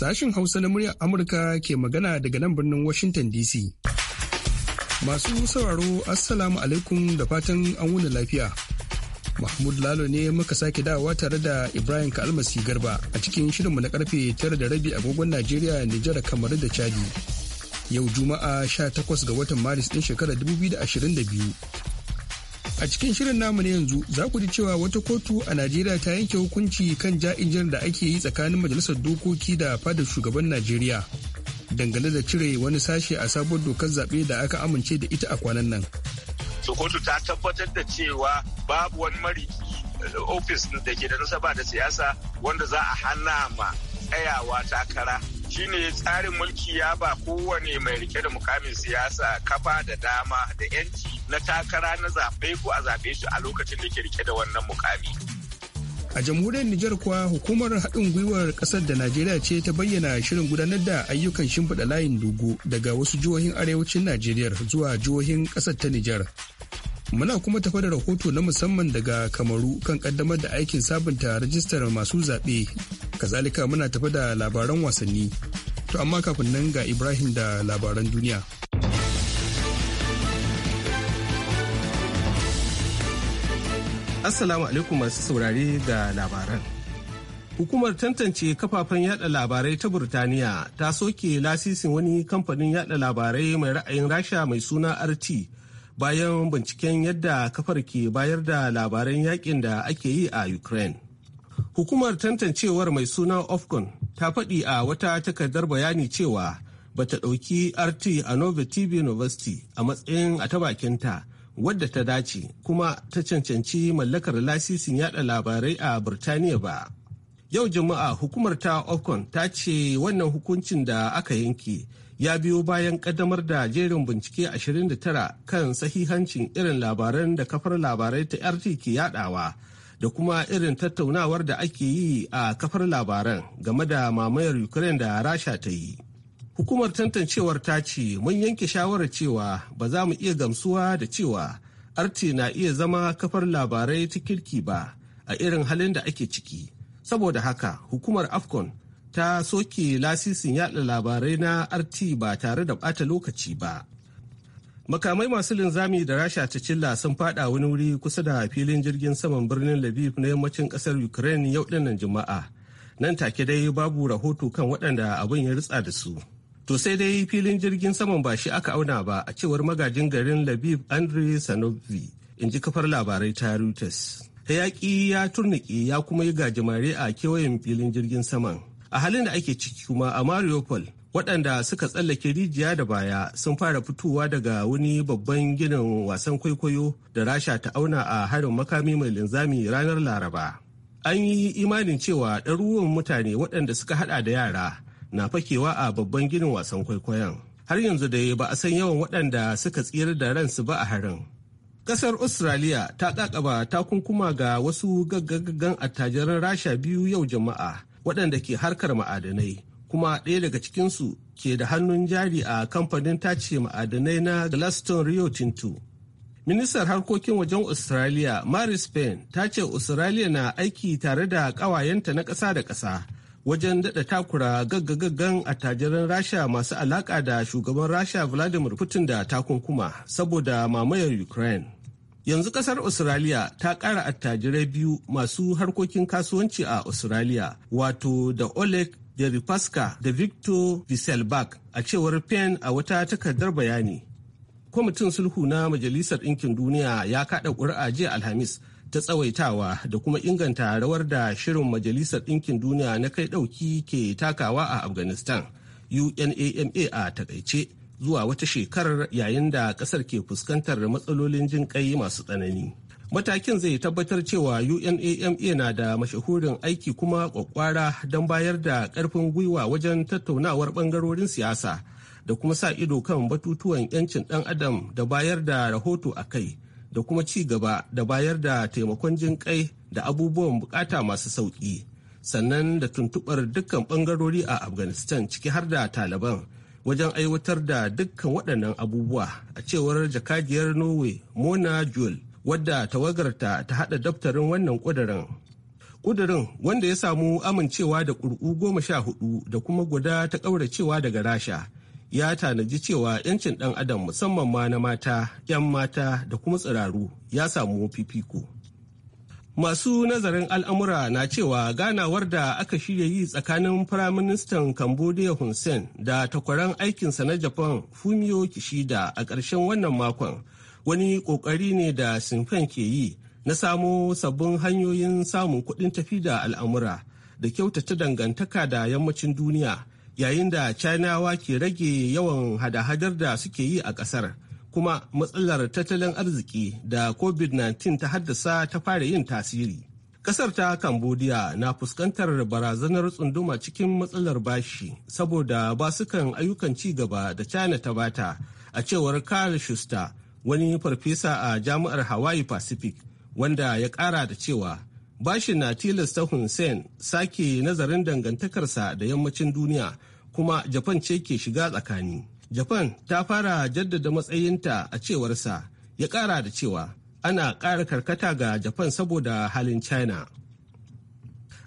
Sashen Hausa na muryar Amurka ke magana daga nan birnin Washington DC. Masu sauraro Assalamu alaikum da fatan an wuni lafiya. Mahmud Lalo ne muka sake dawa tare da Ibrahim Kalmasi Garba a cikin shirinmu na karfe tara da rabi agogon Najeriya, Nijar, kamar da Chadi. Yau Juma'a 18 ga watan Maris ɗin shekarar 2022. A cikin shirin namu ne yanzu za ku ji cewa wata kotu a Najeriya ta yanke hukunci kan ja-in-jar da ake yi tsakanin majalisar dokoki da fadar shugaban Najeriya dangane da cire wani sashe a sabuwar dokar zaɓe da aka amince da ita a kwanan nan. kotu ta tabbatar da cewa babu wani mariki eh, ofis da ke da nasaba da siyasa wanda za a hana ma tsayawa takara shine tsarin mulki ya ba kowane mai rike da mukamin siyasa kafa da dama da yanci na takara na zaɓe ko a zaɓe shi a lokacin da ke rike da wannan mukami. A jamhuriyar Nijar kuwa hukumar haɗin gwiwar ƙasar da Najeriya ce ta bayyana shirin gudanar da ayyukan shimfiɗa layin dogo daga wasu jihohin arewacin Najeriya zuwa jihohin ƙasar ta Nijar. Muna kuma tafa da rahoto na musamman daga Kamaru kan ƙaddamar da aikin sabunta rajistar masu zaɓe Kazalika muna tafi da labaran wasanni. To amma kafin nan ga Ibrahim da labaran duniya. Assalamu alaikum masu saurare ga labaran. Hukumar tantance kafafen yada labarai ta Burtaniya ta soke lasisin wani kamfanin yada labarai mai ra'ayin rasha mai suna RT bayan binciken yadda kafar ke bayar da labaran yakin da ake yi a Ukraine. Hukumar tantancewar mai suna Ofcon ta faɗi a wata takardar bayani cewa ba ta ɗauki RT a Novotiv University a matsayin a ta wadda ta dace kuma ta cancanci mallakar lasisin yada labarai a Birtaniya ba. Yau Juma'a hukumar ta Ofcon ta ce wannan hukuncin da aka yanke ya biyo bayan kaddamar da jerin bincike 29 kan sahihancin irin labaran da kafar labarai ta RT ke yadawa. da kuma irin tattaunawar da ake yi a kafar labaran game da mamayar ukraine da rasha ta yi hukumar tantancewar ta ce mun yanke shawarar cewa ba za mu iya gamsuwa da cewa arti na iya zama kafar labarai ta kirki ba a irin halin da ake ciki saboda haka hukumar afcon ta soke lasisin yada labarai na arti ba tare da bata lokaci ba makamai masu linzami da rasha ta cilla sun fada wani wuri kusa da filin jirgin saman birnin lviv na yammacin kasar ukraine yau dinnan juma'a nan take dai babu rahoto kan waɗanda abin ya ritsa da su to sai dai filin jirgin saman ba shi aka auna ba a cewar magajin garin lviv andre sanovi in ji kafar labarai ta reuters hayaki ya turniki ya kuma yi gajimare a kewayen filin jirgin saman a halin da ake ciki kuma a mariupol waɗanda suka tsallake rijiya da baya sun fara fitowa daga wani babban ginin wasan kwaikwayo da rasha ta auna a harin makami mai linzami ranar laraba an yi imanin cewa ɗaruruwan mutane waɗanda suka hada da yara na fakewa a babban ginin wasan kwaikwayon har yanzu dai ba a san yawan waɗanda suka tsira da ransu ba a harin Ƙasar australia ta ƙaƙaba takunkuma ga wasu gaggagan attajiran rasha biyu yau jama'a waɗanda ke harkar ma'adanai kuma ɗaya daga cikinsu ke da hannun jari a kamfanin tace ma'adanai na Glaston Rio Tinto. Ministar harkokin wajen Australia, Maris Spain, ta ce Australia na aiki tare da ƙawayenta na ƙasa da ƙasa wajen daɗa takura gaggagaggan attajiran Rasha masu alaƙa da shugaban Rasha Vladimir Putin da takunkuma saboda mamayar Ukraine. Yanzu ƙasar Australia ta ƙara attajirai biyu masu harkokin kasuwanci a Australia, wato da Oleg Yeripaska da Victor Visselbach a cewar pen a wata takardar bayani. Kwamitin sulhu na Majalisar Ɗinkin Duniya ya kaɗa ƙuri'a jiya Alhamis ta tsawaitawa da kuma inganta rawar da shirin Majalisar Ɗinkin Duniya na kai ɗauki ke takawa a Afghanistan UNAMA a takaice zuwa wata shekarar yayin da ƙasar ke fuskantar matsalolin jin masu tsanani. matakin zai tabbatar cewa unama na da mashahurin aiki kuma kwakwara don bayar da karfin gwiwa wajen tattaunawar bangarorin siyasa da kuma sa ido kan batutuwan 'yancin dan adam da bayar da rahoto a kai da kuma ci gaba da bayar da taimakon jin kai da abubuwan bukata masu sauki sannan da tuntubar dukkan bangarori a afghanistan ciki har da taliban wajen aiwatar da dukkan waɗannan abubuwa a cewar jakadiyar norway mona jule wadda tawagarta ta haɗa daftarin wannan ƙudurin ƙudurin wanda ya samu amincewa da ƙuri'u goma sha hudu da kuma guda ta ƙauracewa daga rasha ya tanaji cewa 'yancin ɗan adam musamman ma na mata 'yan mata da kuma tsiraru ya samu fifiko. Masu nazarin al'amura na cewa ganawar da aka shirya yi tsakanin Firaministan Cambodia Hun Sen da takwaran aikinsa na Japan Fumio Kishida a ƙarshen wannan makon wani ƙoƙari ne da sinfen ke yi na samo sabbin hanyoyin samun kuɗin tafi da al'amura da kyautata dangantaka da yammacin duniya yayin da chinawa ke rage yawan hada-hadar da suke yi a ƙasar kuma matsalar tattalin arziki da covid-19 ta haddasa ta fara yin tasiri Ƙasar ta Cambodia na fuskantar barazanar tsunduma cikin matsalar bashi saboda basukan ayyukan ci gaba da China ta bata a cewar Karl Schuster wani farfesa a jami'ar hawaii pacific wanda ya kara da cewa bashin na tilasta hussein sake nazarin dangantakarsa da yammacin duniya kuma japan ce ke shiga tsakani japan ta fara jaddada matsayinta a cewarsa ya kara da cewa ana ƙara karkata ga japan saboda halin china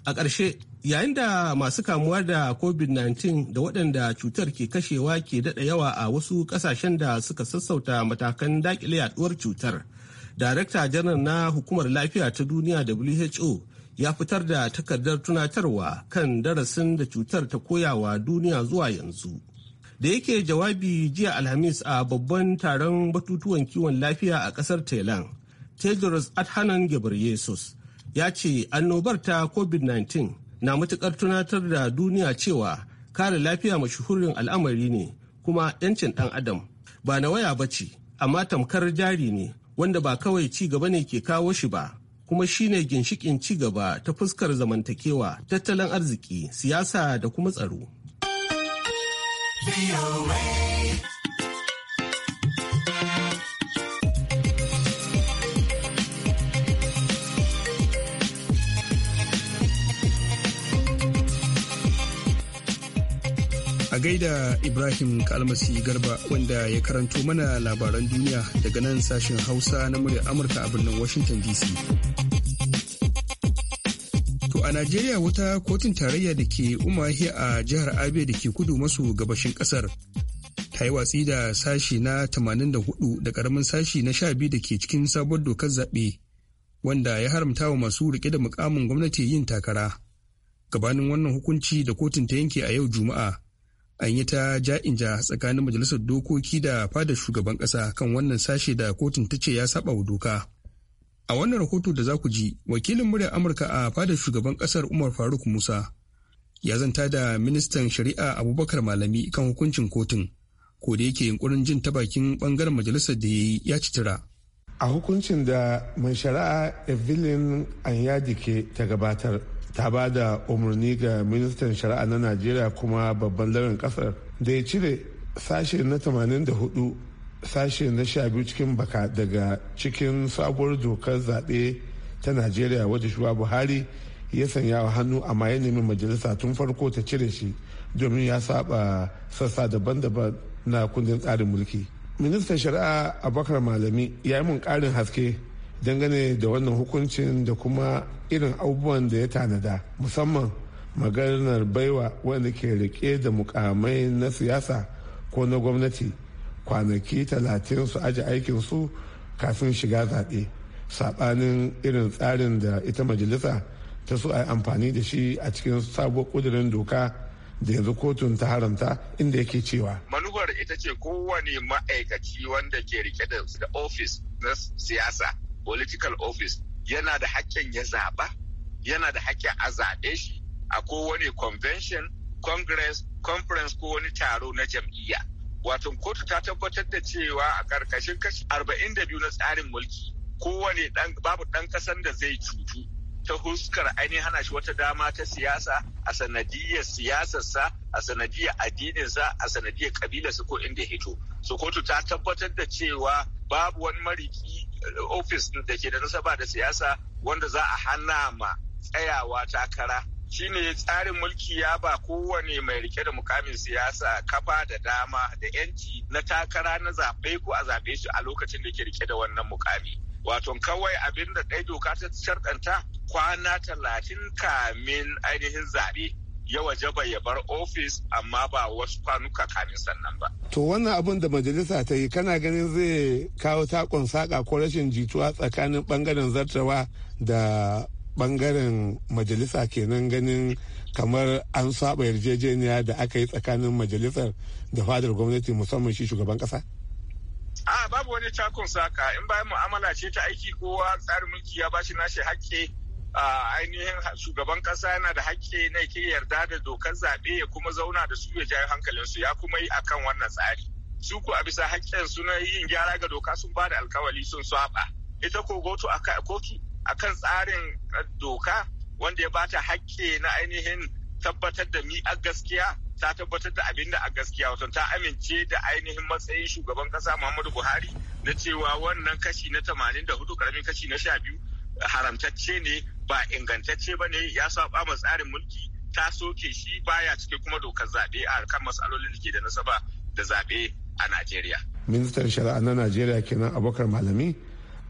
a ƙarshe Yayin da masu kamuwa da COVID-19 da waɗanda cutar ke kashewa ke daɗa yawa a wasu ƙasashen da suka sassauta matakan daƙile yaɗuwar cutar. Darakta janar na Hukumar Lafiya ta Duniya WHO ya fitar da takardar tunatarwa kan darasin da cutar ta koyawa duniya zuwa yanzu. Da yake jawabi jiya Alhamis a babban taron batutuwan kiwon lafiya a ƙasar Thailand, Tedros Adhanom Gebreyesus, ya ce annobar ta COVID-19 na matukar tunatar da duniya cewa kare lafiya mashuhurin al'amari ne kuma 'yancin ɗan adam ba na waya ba ce amma tamkar jari ne wanda ba kawai ci gaba ne ke kawo shi ba kuma shine ginshikin ci gaba ta fuskar zamantakewa tattalin arziki siyasa da kuma tsaro. gaida Ibrahim Kalmasi Garba wanda ya karanto mana labaran duniya daga nan sashen Hausa na muryar Amurka a birnin Washington DC. To a Najeriya wata kotun tarayya da ke Umahi a jihar Abia da ke kudu maso gabashin kasar ta yi watsi da sashi na 84 da karamin sashi na 12 da ke cikin sabon dokar zaɓe wanda ya haramta wa masu rike da mukamin gwamnati yin takara. Gabanin wannan hukunci da kotun ta yanke a yau Juma'a, an yi ta ja'inja tsakanin majalisar dokoki da fadar shugaban kasa kan wannan sashe da kotun ta ce ya saba wa doka a wannan rahoto da za ku ji wakilin muryar amurka a fadar shugaban kasar umar faruk musa ya zanta da ministan shari'a abubakar malami kan hukuncin kotun ko da yake yunkurin jin ta bakin bangaren majalisar da ya yi ya citira a hukuncin da mai shari'a evelyn anyadike ta gabatar ta ba da umarni ga ministan shari'a na najeriya kuma babban lauyan kasar da ya cire sashe na 84 sashe na 12 cikin baka daga cikin sabuwar dokar zaɓe ta najeriya wadda shuwa buhari ya sanya wa hannu amma ya nemi majalisa tun farko ta cire shi domin ya saba sassa daban-daban na kundin tsarin mulki ministan shari'a abubakar malami ya yi mun ƙarin haske dangane da wannan hukuncin da kuma irin abubuwan da ya tanada musamman maganar baiwa wanda ke rike da mukamai na siyasa ko na gwamnati kwanaki talatin su aji aikinsu kafin shiga zaɓe saɓanin irin tsarin da ita majalisa ta so a yi amfani da shi a cikin sabuwar ƙudurin doka da yanzu kotun ta haramta inda yake cewa. Manufar ita ce kowane ma'aikaci wanda ke rike da ofis na siyasa political office yana da hakkin ya zaba yana da hakkin a zaɓe shi a kowane convention congress conference ko wani taro na jam'iyya wato kotu ta tabbatar da cewa a ƙarƙashin kashi 42 na tsarin mulki kowane babu ɗan ƙasan da zai cutu ta huskar ainihin hana shi wata dama ta siyasa a sanadiyar siyasarsa a sanadiyar addininsa a sanadiyar kabilarsa ko inda hito so kotu ta tabbatar da cewa babu wani mariki ofis da ke da nasaba da siyasa wanda za a hana ma tsayawa takara shine tsarin mulki ya ba kowane mai rike da mukamin siyasa kafa da dama da yanci na takara na zaɓe ko a zaɓe shi a lokacin da ke rike da wannan mukami wato kawai abin da ɗai doka ta sharɗanta kwana talatin kamin ainihin zaɓe ya bai ya bar ofis amma ba wasu kwanuka kamin sannan ba. To wannan abin da majalisa ta yi kana ganin zai kawo takon saƙa ko rashin jituwa tsakanin bangaren zartawa da bangaren majalisa kenan ganin kamar an saba yarjejeniya da aka yi tsakanin majalisar da fadar gwamnati musamman shi shugaban kasa? A babu wani takon saka in bayan mu'amala ce ta aiki kowa tsarin mulki ya bashi nashi hakke ainihin shugaban kasa yana da hakki na ke yarda da dokar zaɓe ya kuma zauna da su ya jayo hankalinsu ya kuma yi akan wannan tsari su ku a bisa hakkin su na yin gyara ga doka sun bada da alkawali sun saba ita ko kotu akan tsarin doka wanda ya bata hakki na ainihin tabbatar da mi a gaskiya ta tabbatar da abin da a gaskiya wato ta amince da ainihin matsayin shugaban kasa Muhammadu Buhari na cewa wannan kashi na 84 karamin kashi na 12 haramtacce ne ba ingantacce ba ne ya saba ma tsarin mulki ta soke shi baya cike kuma dokar zaɓe a kan matsalolin da ke da nasaba da zaɓe a Najeriya. Ministan Shari'a na Najeriya kenan abokar malami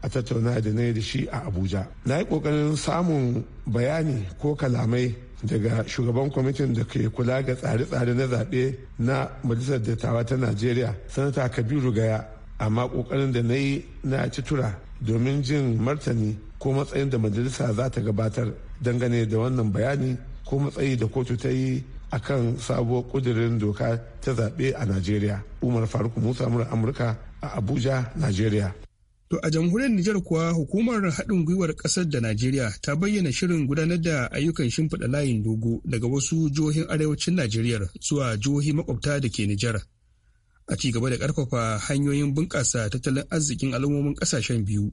a tattauna da na da shi a Abuja. Na yi ƙoƙarin samun bayani ko kalamai daga shugaban kwamitin da ke kula ga tsare-tsare na zaɓe na Majalisar Dattawa ta Najeriya, Sanata Kabiru Gaya, amma ƙoƙarin da na yi na ci tura domin jin martani ko matsayin da majalisa za ta gabatar dangane da wannan bayani ko matsayi da kotu ta yi a kan sabuwar kudirin doka ta zaɓe a najeriya umar faruk musa mura amurka a abuja najeriya To a jamhuriyar Nijar kuwa hukumar haɗin gwiwar ƙasar da Najeriya ta bayyana shirin gudanar da ayyukan shimfiɗa layin dogo daga wasu jihohin arewacin Najeriya zuwa jihohi makwabta da ke Nijar. A ci gaba da ƙarfafa hanyoyin bunƙasa tattalin arzikin al'ummomin ƙasashen biyu.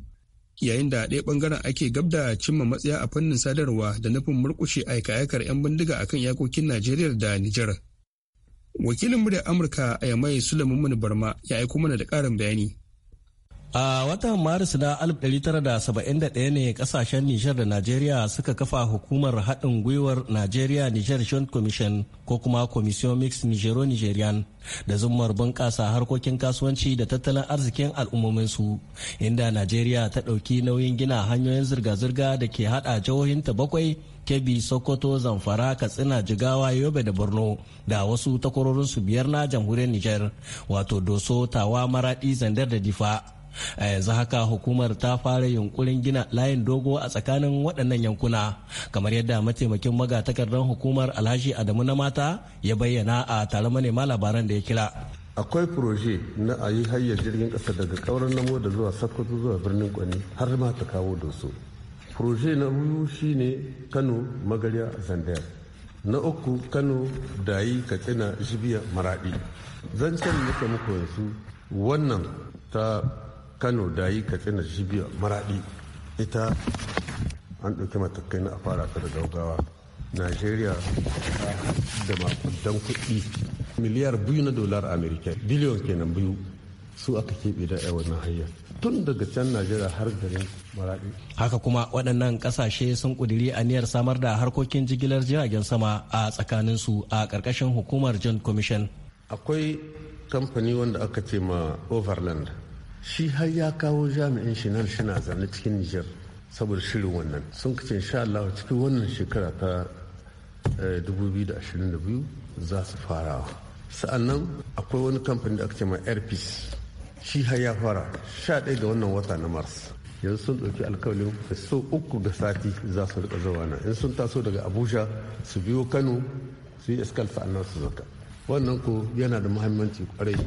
yayin da ɗaya ɓangaren ake gab da cimma matsaya a fannin sadarwa da nufin murƙushe aika-aikar 'yan bindiga akan yakokin Najeriya da Nijar. Wakilin muryar Amurka a Yamai Sulaiman Barma ya aiko mana da ƙarin bayani. A watan Maris na 1971 ne kasashen Nijar da Najeriya suka kafa hukumar haɗin gwiwar Najeriya Nijar Joint Commission ko kuma Commission Mix Nijero Nigerian da zummar bunƙasa harkokin kasuwanci da tattalin arzikin al'ummominsu inda Najeriya ta ɗauki nauyin gina hanyoyin zirga-zirga da ke haɗa jihohinta bakwai Kebbi, Sokoto, Zamfara, Katsina, Jigawa, Yobe da Borno da wasu takwarorinsu biyar na jamhuriyar Nijar wato Doso, Tawa, Maradi, Zandar da Difa. a yanzu haka hukumar ta fara yunkurin gina layin dogo a tsakanin waɗannan yankuna kamar yadda mataimakin magatakardar hukumar alhaji adamu na mata ya bayyana a tare manema labaran da ya kira akwai proje na a yi hanyar jirgin ƙasa daga ƙauran namo da zuwa sokoto zuwa birnin kwani har ma ta kawo su proje na biyu shine kano magarya zandar na uku kano dayi katsina jibiya maraɗi zan muka muku yanzu wannan ta kano da yi katsina biyu maradi ita an ɗauki matakai na a fara ta da gaugawa najeriya da makudan kuɗi miliyar biyu na dolar amerika biliyon kenan biyu su aka keɓe da yawan na hanyar tun daga can najeriya har garin maraɗi haka kuma waɗannan ƙasashe sun ƙudiri aniyar samar da harkokin jigilar jiragen sama a tsakaninsu a ƙarƙashin hukumar joint commission akwai kamfani wanda aka ce ma overland shi har ya kawo jami'in shi nan shi na zane cikin nijar saboda shirin wannan sun kace insha Allah cikin wannan shekara ta 2022 eh, za su farawa sa'annan akwai wani kamfani da aka ce mai airpeace shi har ya fara sha 11 ga wannan wata na mars yanzu sun ɗauki alkawalin so uku ga sati za su rika zuwa nan in sun taso daga abuja su biyo kano su yi iskal sa'annan su zaka wannan ko yana da muhimmanci kwarai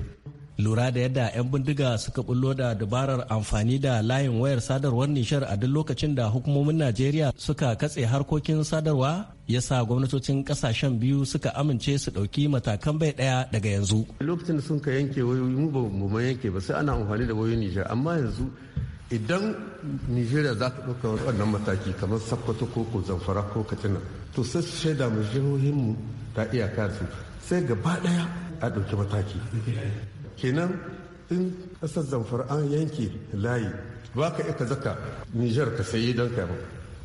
lura da yadda 'yan bindiga suka bullo da dabarar amfani da layin wayar sadarwar nishar a duk lokacin da hukumomin najeriya suka katse harkokin sadarwa ya sa gwamnatocin kasashen biyu suka amince su ɗauki matakan bai ɗaya daga yanzu lokacin da sun ka yanke wayoyi mu ba yanke ba sai ana amfani da wayoyin nishar amma yanzu idan nigeria za ta ɗauka wannan mataki kamar sakkwato ko ko zamfara ko katsina to sai su shaida mu jihohinmu ta iyaka su sai gaba ɗaya a ɗauki mataki kenan in ƙasar zamfara an yanke layi ba ka ika zaka nijar ka sayi don ka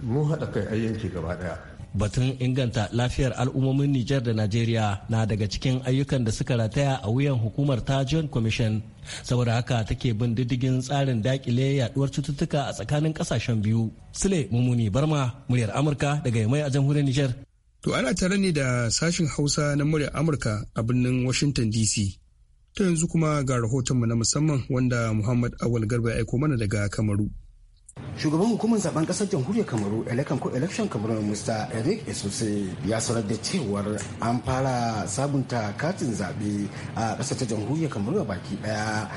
mu haɗa kai a yanki gaba daya batun inganta lafiyar al'ummomin Nijar da Najeriya na daga cikin ayyukan da suka rataya a wuyan hukumar ta joint Commission saboda haka take bin diddigin tsarin dakile yaduwar cututtuka a tsakanin kasashen biyu. Sule Mumuni Barma muryar Amurka daga Yamai a jamhuriyar Nijar. To ana tare ne da sashin Hausa na muryar Amurka a birnin Washington DC. ta yanzu kuma ga rahotonmu na musamman wanda Muhammad Awal Garba ya aiko mana daga Kamaru. shugaban hukumar zaben kasar jamhuriyar kamaru elekan ko election kamaru mr eric esuse ya sanar da cewar an fara sabunta katin zabe a kasar ta jamhuriyar kamaru a baki daya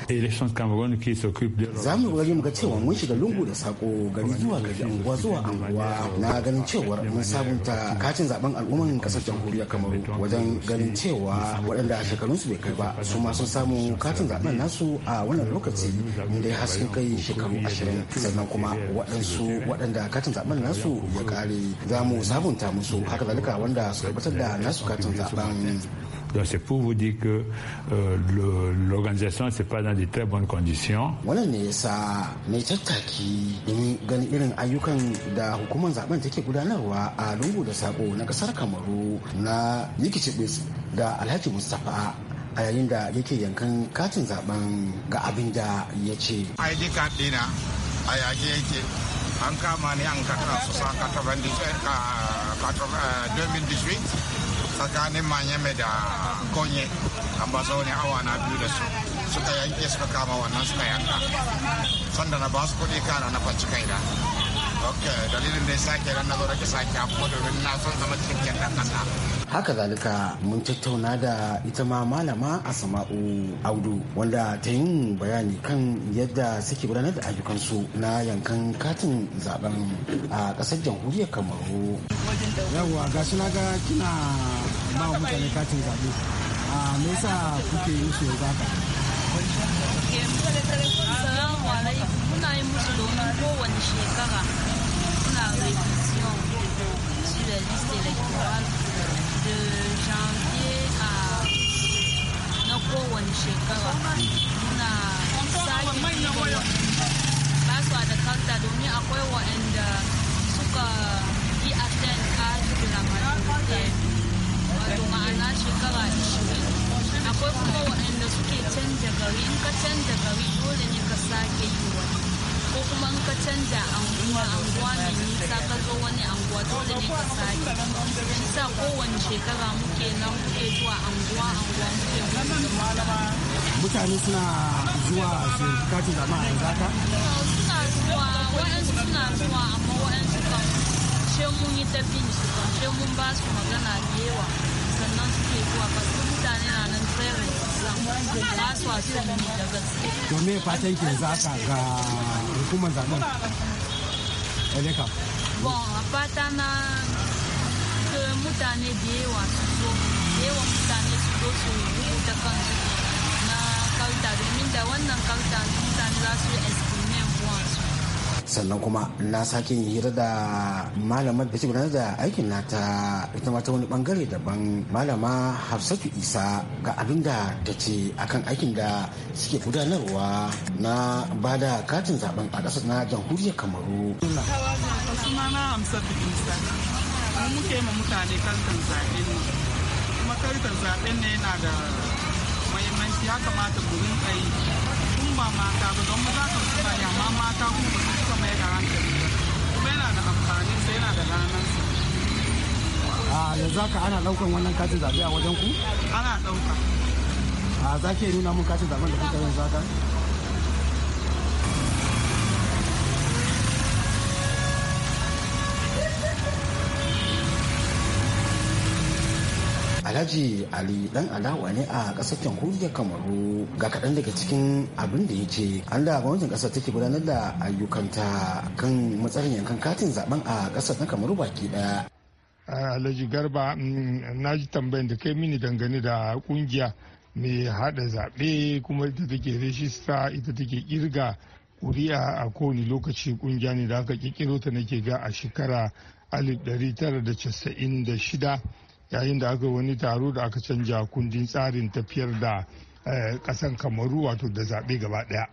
za mu gari muka cewa mun shiga lungu da sako gari zuwa gari anguwa zuwa anguwa na ganin cewar mun sabunta katin zaben al'umman kasar jamhuriyar kamaru wajen ganin cewa waɗanda su bai kai ba su ma sun samu katin zaben nasu a wannan lokaci inda ya haskin kai shekaru ashirin sannan kuma waɗansu waɗanda katin zaben nasu ya ƙare. za mu sabunta musu haka zalika wanda suka batar da nasu katin zaben Donc c'est pour vous dire que euh, l'organisation, c'est pas dans de très bonnes conditions. Wannan ne yasa mai tattaki domin ganin irin ayyukan da hukumar zaben take gudanarwa a lungu da sako na kasar Kamaru na Yikicibis da Alhaji Mustapha a yayin da yake yankan katin zaben ga abin da ya ce. ID card a yage yake an kama ni an kata su sa 2018 eh, tsakanin manyame da konye an ba ne awa na biyu da su suka yanke suka kama wannan suka yanka sanda na ba su kuɗi kana na faci kaina ok dalilin da ya kuma na haka zalika mun tattauna da ita ma malama asama'u audu wanda ta yin bayani kan yadda suke gudanar da ayyukansu na yankan katin zaben a kasar jamhuriyar kamaru yawwa ga shi na ga kina ba wa mutane katin zaɓe a me yasa kuke yin su yanzu haka muna yin musu domin kowane shekara révision sur la liste électorale de janvier a na kowane shekara ba su da kanta domin akwai waɗanda ma'ana shekara ishirin akwai kuma waɗanda suke canja gari in ka canja gari dole ne ka sake yi kuma ka canja anguwa anguwa mai nisa ka zo wani anguwa dole ne ka sake shi sa kowane shekara muke nan muke zuwa anguwa anguwa muke mutane suna zuwa su kace zama a zaka suna zuwa wa'ansu suna zuwa amma wa'ansu kan she mun yi ta bin su kan she mun ba su magana da yawa sannan suke zuwa ba su mutane na nan tsere ba su wasu ne daga su gaske. Domin fatan ke zaka ga hukumar zaben eleka bon fata na mutane da yawa su so da yawa mutane su zo su rubuta kansu na kauta domin da wannan kauta mutane za su yi sannan kuma na sake yin hira da malamar da ta gudanar da aikin ta ita ma ta wani bangare daban malama hafsatu isa ga abin da ta ce akan aikin da suke gudanarwa na ba da katin zaben a ƙasar na jamhuriyar kamaru mu mutane ne kuma yana da mahimmanci ya kamata ku rinka yi kun ba mata ba don maza kan suna yamma mata kuma amfanin sai yana da ranansa a yanzu ka ana daukan wannan katin zaɓe a wajen ku ana dauka a za ke nuna mun katin zaɓen da kuka yanzu haka alhaji ali dan alawa ne a kasar jamhuriyar kamaru ga kaɗan daga cikin abin da ya ce an da gwamnatin kasar take gudanar da ayyukanta kan matsalar yankan katin zaben a kasar na kamaru baki daya ah, alhaji garba mm, na ji tambayin da kai mini dangane da kungiya mai hada zaɓe kuma ita take rejista ita take kirga kuri'a a kowane lokaci kungiya ne da aka kirkiro ta nake ga a shekara 1996 yayin da aka wani taro da aka canja kundin tsarin tafiyar da kasan eh, kamaru wato da zaɓe gaba ɗaya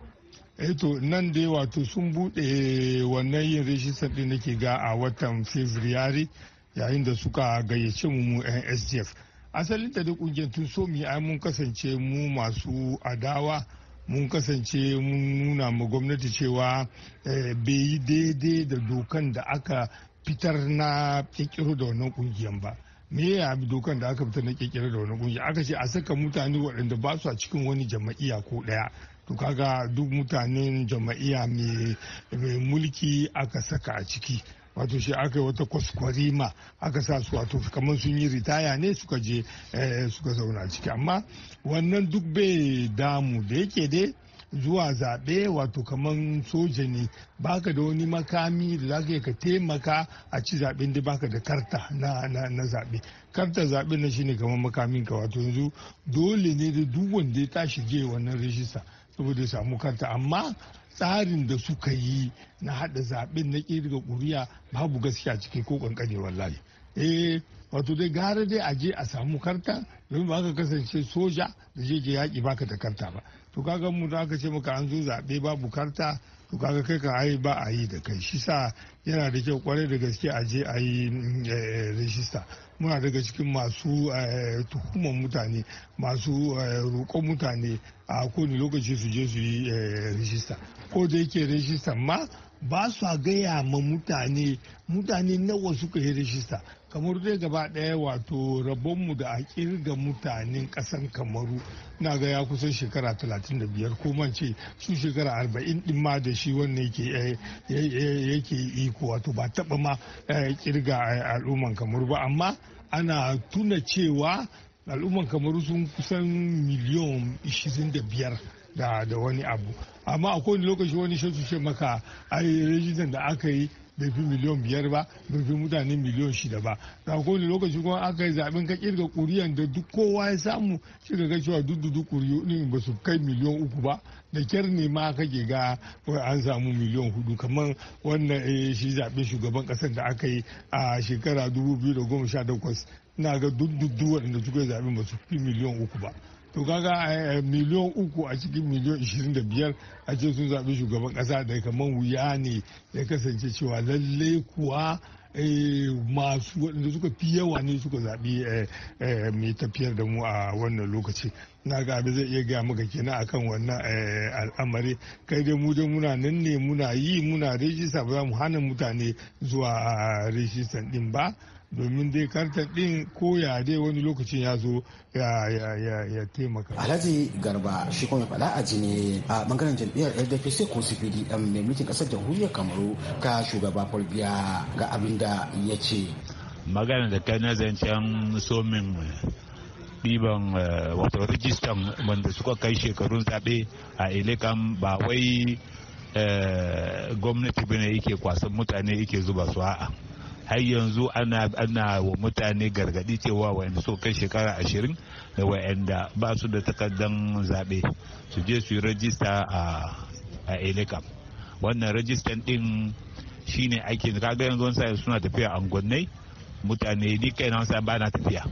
eto eh nan dai wato sun buɗe wannan yin rishisar ɗin nake ga a watan fevriyari yayin da suka gayyace mu mu yan sdf asalin da da ƙungiyar tun so mu ai mun kasance mu masu adawa mun kasance mun nuna ma gwamnati cewa eh, bai yi daidai da dokan da aka fitar na kirkiro da wannan ƙungiyar ba me ya abi dokan da aka fita na kekere da wani kungiya aka ce a saka mutane waɗanda ba su a cikin wani jama'iya ko ɗaya to kaga duk mutanen jama'iya mai mulki aka saka a ciki wato shi aka yi wata kwaskwarima aka sa su wato kamar sun yi ritaya ne suka je eh, suka zauna ciki amma wannan duk bai damu da yake dai zuwa zaɓe wato kamar soja ne baka da wani makami da za ka taimaka a ci zaɓen da baka da karta na, zaɓe karta zaɓe na shine kamar makamin ka wato yanzu dole ne da duk wanda ya tashi je wannan rajista saboda samu karta amma tsarin da suka yi na haɗa zaɓen na ƙirga ƙuri'a babu gaskiya ciki ko ƙanƙane wallahi eh wato dai gara dai a je a samu karta domin ba ka kasance soja da je yaƙi baka da karta ba to kaga mu da aka ce maka an zo zaɓe babu karta to kaga kai ka ai ba a yi da kai shi sa yana da kyau kwarai da gaske a je a yi eh, rajista muna daga cikin masu eh, tuhuman mutane masu eh, roƙon mutane a kowane lokaci su je su yi rajista ko da yake rajista ma ba su gaya ma mutane mutane nawa suka yi rajista kamar dai gaba ɗaya wato rabonmu da a kirga mutanen ƙasan kamaru na ga ya kusan shekara 35 ko man su shekara 40 din ma da shi wannan eh, yake iko wato ba taɓa ma eh, kirga eh, al'umman kamaru ba amma ana tuna cewa al'umman kamaru sun kusan miliyan 25 da wani abu amma akwai wani lokaci wani shi maka ai rajistan da aka yi bai fi miliyon biyar ba bai fi mutane miliyon shida ba da kowane lokaci kuma aka yi zaɓen ka kirga kuriyan da duk kowa ya samu shi ga cewa duk duk kuriyoyin ba su kai miliyon uku ba da kyar ne ma kake ga an samu miliyon hudu kamar wannan eh, shi zaɓen shugaban ƙasar da aka yi a shekara 2018 na ga duk duk waɗanda suka yi zaɓen ba su fi miliyon uku ba to kaga eh, miliyan uku a cikin miliyan ishirin da biyar a ce sun zaɓi shugaban ƙasa da kamar wuya ne ya kasance cewa lalle kuwa eh, masu waɗanda suka fi yawa ne suka zaɓi eh, mai tafiyar da mu a wannan lokaci na ga abin zai iya gaya maka kenan akan wannan al'amari kai dai mu dai muna nan ne muna yi muna rejista ba za mu hana mutane zuwa rijistan din ba domin dai karta ɗin ya dai wani lokacin ya zo ya taimaka. Alhaji Garba shi kuma faɗa a jini a bangaren jam'iyyar sai ko CPD ɗan mai mulkin ƙasar jamhuriyar Kamaru ka shugaba Paul Biya ga abinda ya ce. Magana da kai na zancen somin ɗiban eh, wato rijistan wanda suka kai shekarun zaɓe a ilikan ba wai eh, gwamnati bane yake kwasan mutane yake zuba su a'a. har yanzu ana ana wa mutane gargadi cewa wa'anda so kai shekara ashirin da wayanda ba su da takardan zabe su je su yi rajista a elecam wannan rajistan din shine ake kaga yanzu wani suna tafiya angonnai mutane ni kai na ba na tafiya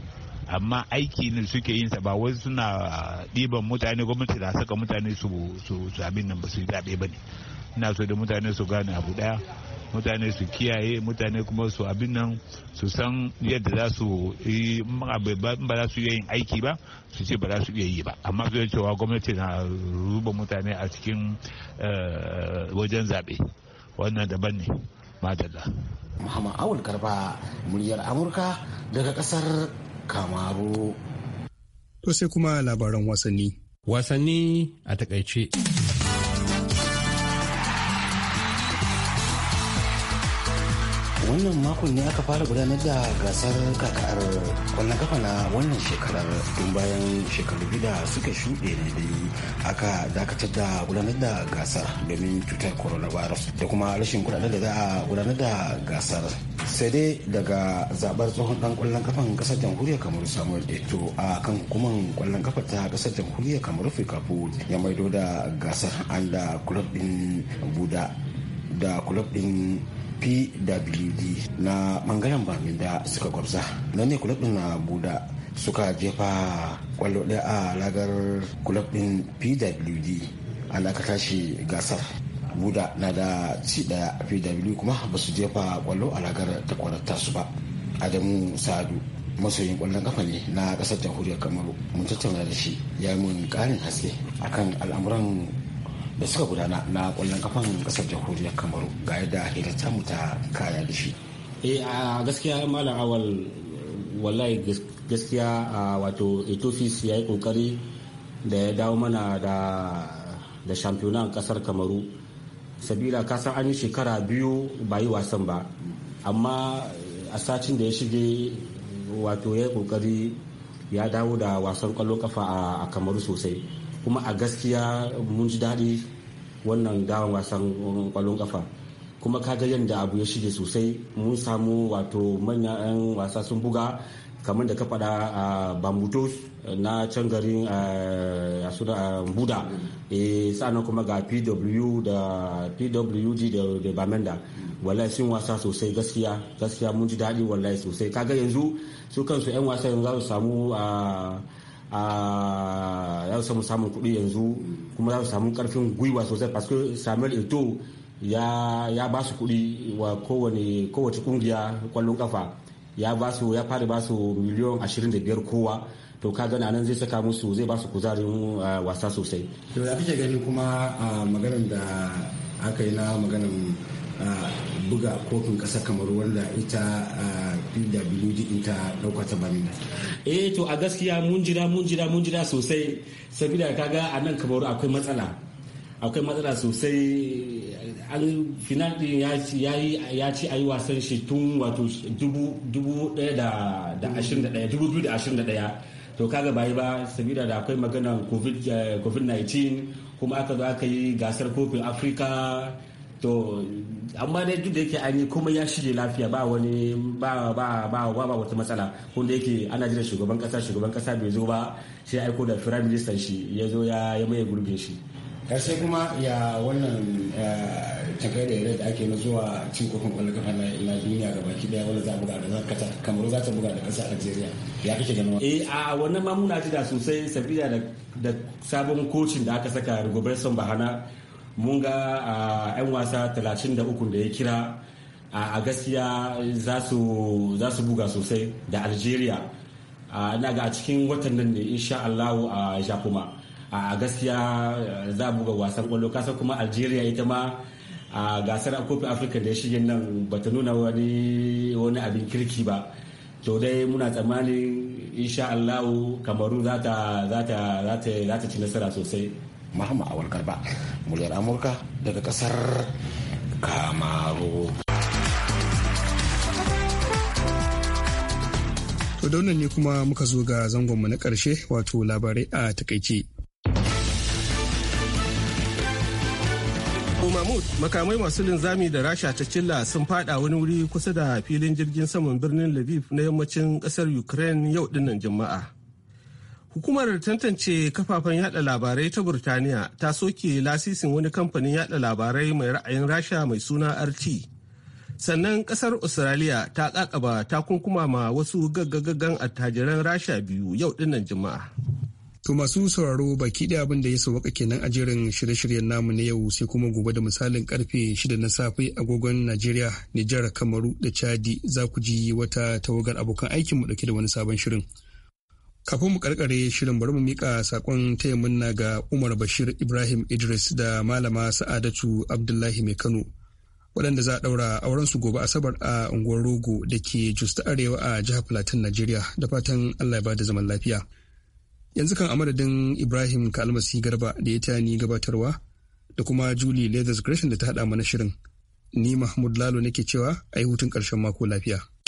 amma aiki ne suke yin sa ba wai suna diban mutane gwamnati da saka mutane su abin nan ba su yi zaɓe ba ne ina so da mutane su gane abu daya mutane su kiyaye mutane kuma su abin nan su san yadda za su yi ba za su iya yin aiki ba su ce ba za su iya yi ba amma su cewa gwamnati na ruba mutane a cikin eh, wajen zaɓe wannan daban ne madalla muhammad awul garba muryar amurka daga ƙasar kamaru to sai kuma labaran wasanni wasanni a takaice wannan makon ne aka fara gudanar da gasar kakar kwallon kafa na wannan shekarar tun bayan shekaru biyu da suka shuɗe ne dai aka dakatar da gudanar da gasar domin cutar coronavirus da kuma rashin kudaden da za a gudanar da gasar sai dai daga zabar tsohon dan kwallon kafan kasar jamhuriyar kamaru samuel eto a kan hukumar kwallon kafa ta kasar jamhuriyar kamaru fikafu ya maido da gasar an da kulab din buda da kulab din pwd na bangaren da suka gwabza na ne kulab na buda suka jefa kwallo ɗaya a lagar kulab pwd a dakata shi gasar buda na da ci daya pwd kuma ba su jefa kwallo a ta takwarar su ba adamu sa'adu masoyin kwallon kafa ne na kasar jamhuriyar kamaru mun tattauna da shi ya mun karin haske akan al'amuran da suka gudana na kwallon kafan kasar jamhuriyar kamaru ga yadda ta tamu ta kaya da shi eh a gaskiya malam awal wallahi gaskiya wato etofis ya yi kokari da ya dawo mana da da shampiyonan kasar kamaru sabila kasan an yi shekara biyu ba yi wasan ba amma a satin da ya shige wato ya yi kokari ya dawo da wasan kwallon kafa a kamaru sosai kuma a gaskiya mun ji daɗi wannan gawan wasan kwallon um, kafa kuma kaga yadda abu ya shige sosai mun samu wato manya 'yan wasa sun buga kamar da ka faɗa a bambutos na can garin eh, a suna eh, buda eh, sa'anan kuma ga pw da pwg da bamenda wallahi sun wasa sosai gaskiya gaskiya mun ji daɗi wallahi sosai kaga yanzu su kansu 'yan wasa yanzu za su samu a ah, za su samu samun kuɗi yanzu kuma za su samu karfin gwiwa sosai paske samuel eto ya ba su kuɗi wa kowace kungiya kwallon kafa ya ba su ya fara ba su miliyan 25 kowa to ka gana nan zai saka musu zai ba su kuzarin wasa sosai to ya kake gani kuma maganar da aka yi na maganar buga kofin kasa kamar wanda ita pwg ta ta bani eh to a gaskiya mun jira mun jira mun jira sosai sabida kaga a nan kamaru akwai matsala akwai matsala sosai an final din ya ci a yi wasan shi tun wato 2021 to kaga bayi ba saboda da akwai maganar covid-19 eh, kuma aka zo aka yi gasar kofin afirka to amma dai duk da yake an yi kuma ya shige lafiya ba wani ba ba ba ba wata matsala ko da yake ana jira shugaban kasa shugaban kasa bai zo ba sai aiko da firayim ministan shi ya zo ya ya maye gurbin shi sai kuma ya wannan eh, takai da yare da ake na zuwa cin kofin kwallon kafa na duniya ga baki daya wanda za a buga da kasa kamar za ta buga da a algeria ya kake ganin wannan eh a wannan ma muna jira sosai sabida da sabon kocin da aka saka Robertson Bahana mun ga 'yan wasa 33 da ya kira a gaskiya za su buga sosai da algeria na ga a cikin watan nan ne insha allahu a jakuma a gaskiya eh, za a buga wasan kwallo kasa kuma algeria ita ma a gasar kofi afirka da ya shige nan ba ta nuna wani abin kirki ba to dai muna tsammanin insha allahu kamaru za ta ci nasara sosai mahama awal garba muryar amurka daga kasar kamaru to da ne kuma muka zo ga zangonmu na ƙarshe wato labarai a takaice Mahmud makamai masu linzami da rasha ta cilla sun fada wani wuri kusa da filin jirgin saman birnin Lviv na yammacin kasar Ukraine yau dinnan Juma'a. Hukumar tantance kafafen yada labarai ta Burtaniya ta soke lasisin wani kamfanin yada labarai mai ra'ayin Rasha mai suna RT. Sannan kasar Australia ta kakaba kunkuma ma wasu gaggagaggan attajiran Rasha biyu yau dinnan Juma'a. To masu sauraro baki da abin da ya sauka kenan a jerin shirye-shiryen namu na yau sai kuma gobe da misalin karfe 6 na safe agogon Najeriya, Nijar, Kamaru da Chadi za ku ji wata tawagar abokan aikinmu dauke da wani sabon shirin. kafin mu karkare shirin bari mu mika sakon taya munna ga umar bashir ibrahim idris da malama sa'adatu abdullahi mai kano waɗanda za a ɗaura auren su gobe asabar a unguwar rogo da ke justa arewa a jihar plateau najeriya da fatan allah ya da zaman lafiya yanzu kan a madadin ibrahim kalmasi garba da ya tani gabatarwa da kuma juli leathers gresham da ta haɗa mana shirin ni mahmud lalo nake cewa a yi hutun ƙarshen mako lafiya